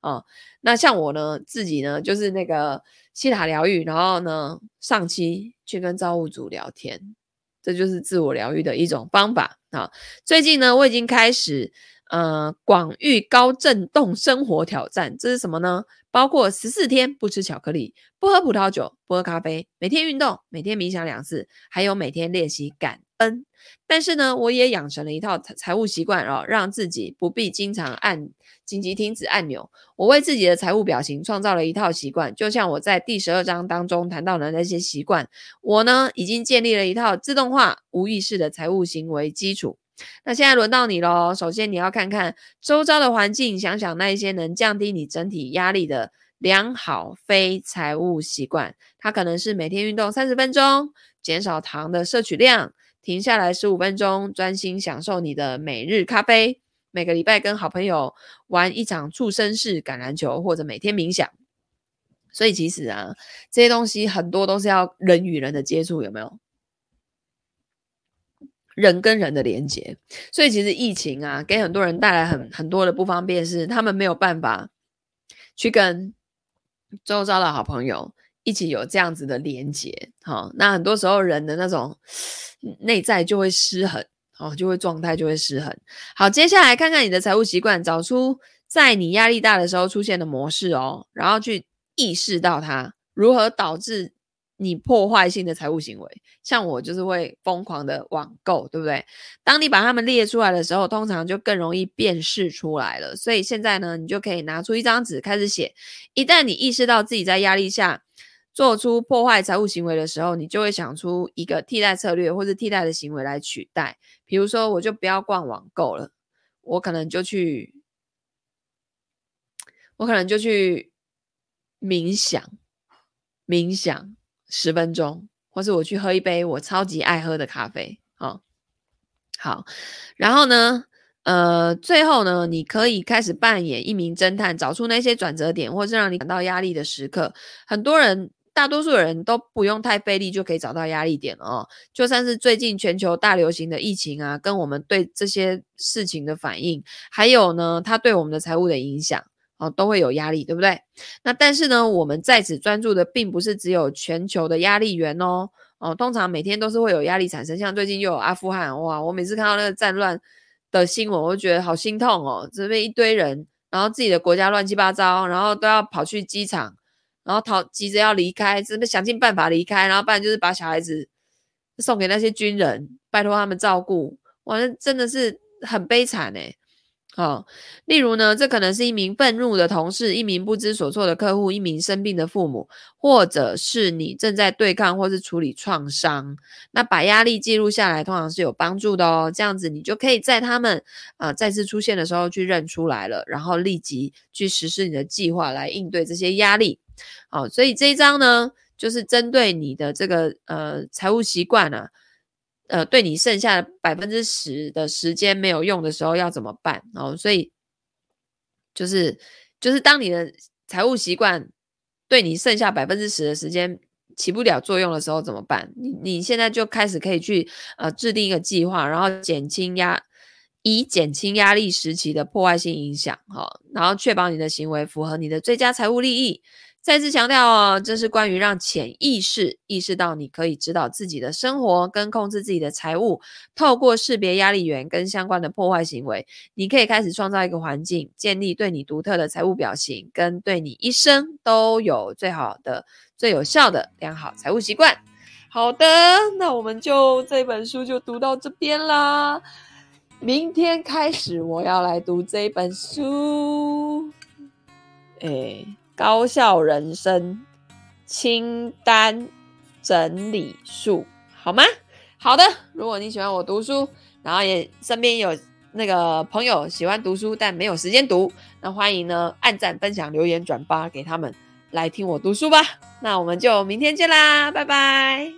哦，那像我呢，自己呢，就是那個西塔療癒，然後呢，上期去跟造物主聊天，這就是自我療癒的一種方法啊、哦。最近呢，我已經開始呃，廣域高振動生活挑戰，這是什麼呢？包括十四天不吃巧克力，不喝葡萄酒，不喝咖啡，每天運動，每天冥想兩次，還有每天練習感嗯，但是呢，我也養成了一套財務習慣哦，讓自己不必經常按緊急停止按鈕。我為自己的財務表情創造了一套習慣，就像我在第十二章當中談到的那些習慣。我呢，已經建立了一套自動化、無意識的財務行為基礎。那現在輪到你嘍。首先，你要看看周遭的環境，想想那一些能降低你整體壓力的良好非財務習慣。它可能是每天運動三十分鐘，減少糖的攝取量。停下來十五分鐘，專心享受你的每日咖啡。每個禮拜跟好朋友玩一場觸身式橄欖球，或者每天冥想。所以其實啊，這些東西很多都是要人與人的接觸，有沒有？人跟人的連接。所以其實疫情啊，給很多人帶來很很多的不方便，是他們沒有辦法去跟周遭的好朋友。一起有這樣子的連結哈，那很多時候人的那種內在就會失衡哦，就會狀態就會失衡。好，接下來看看你的財務習慣，找出在你壓力大的時候出現的模式哦，然後去意識到它如何導致你破壞性的財務行為。像我就是會瘋狂的網購，對不對？當你把它們列出來的時候，通常就更容易辨識出來了。所以現在呢，你就可以拿出一張紙開始寫，一旦你意識到自己在壓力下，做出破壞財務行為的時候，你就會想出一個替代策略或是替代的行為來取代。比如說，我就不要逛網購了，我可能就去，我可能就去冥想，冥想十分鐘，或是我去喝一杯我超級愛喝的咖啡。好，好，然後呢，呃，最後呢，你可以開始扮演一名偵探，找出那些轉折點，或是讓你感到壓力的時刻。很多人。大多數人都不用太費力就可以找到壓力點了哦，就算是最近全球大流行的疫情啊，跟我們對這些事情的反應，還有呢，它對我們的財務的影響哦，都會有壓力，對不對？那但是呢，我們在此專注的並不是只有全球的壓力源哦哦，通常每天都是會有壓力產生，像最近又有阿富汗哇，我每次看到那個戰亂的新聞，我都覺得好心痛哦，這邊一堆人，然後自己的國家亂七八糟，然後都要跑去機場。然後逃，急着要離開，怎麼想盡辦法離開，然後不然就是把小孩子送給那些軍人，拜託他們照顧。哇，那真的是很悲慘誒。哦，例如呢，這可能是一名憤怒的同事，一名不知所措的客戶，一名生病的父母，或者是你正在對抗或是處理創傷。那把壓力記錄下來，通常是有幫助的哦。這樣子，你就可以在他們啊、呃、再次出現的時候去認出來了，然後立即去實施你的計劃來應對這些壓力。好、哦，所以這一章呢，就是針對你的這個呃財務習慣啊。呃，對你剩下的百分之十的時間沒有用的時候要怎麼辦？哦，所以就是就是當你的財務習慣對你剩下百分之十的時間起不了作用的時候怎麼辦？你你現在就開始可以去呃制定一個計劃，然後減輕壓以減輕壓力時期的破壞性影響哈、哦，然後確保你的行為符合你的最佳財務利益。再次強調哦，這是關於讓潛意識意識到你可以指導自己的生活跟控制自己的財務，透過識別壓力源跟相關的破壞行為，你可以開始創造一個環境，建立對你獨特的財務表情，跟對你一生都有最好的、最有效的良好財務習慣。好的，那我們就這本書就讀到這邊啦。明天開始，我要來讀這本書。欸高效人生清單整理術，好嗎？好的，如果你喜歡我讀書，然後也身邊有那個朋友喜歡讀書但沒有時間讀，那歡迎呢，按讚、分享、留言、轉發給他們來聽我讀書吧。那我們就明天見啦，拜拜。